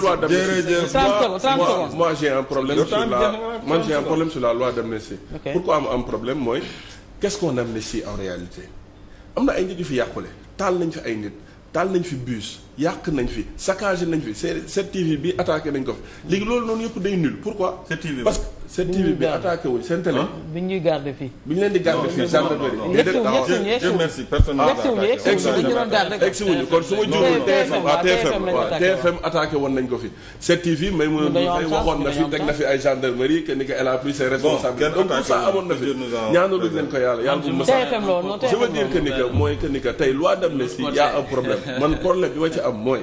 jërëjëf moi moi j'ai un problème sur la man j'ai un problème la loi d'amnistie pourquoi am am problème mooy qu'est-ce qu'on en réalité am na ay nit yu fi yàqule taal nañ fi ay nit taal nañ fi bus yàq nañ fi saccagé nañ fi cette TV bi attaqué nañ ko fi léegi loolu noonu yëpp day nul pourquoi. parce que cette TV bi attaqué wul seen télé. bi ñu leen di garder fii gendarmerie. yegsiwuñu kon su ah, fi. cette TV may mu ne fay waxoon na fi teg gendarmerie que a pris ses responsabilités donc tout ça amoon na fi ñaanaluñ leen ko yàlla yàlla bu ma. TFM loolu je veux dire que ni que mooy que ni que man problème bi ma ci am mooy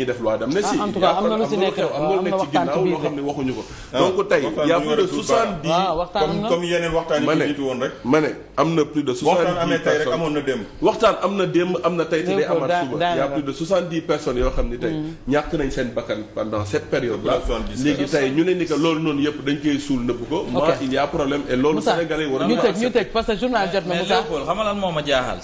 ñuy ah, en tout cas am na lu si nekk ah, a ah, na loolu noonu yëpp dañ koy suul nëbb ko moi il y problème et loolu sénégalais yi war a ñu tëj ñu tëj parce journal jot na Moussa xam nga lan jaaxal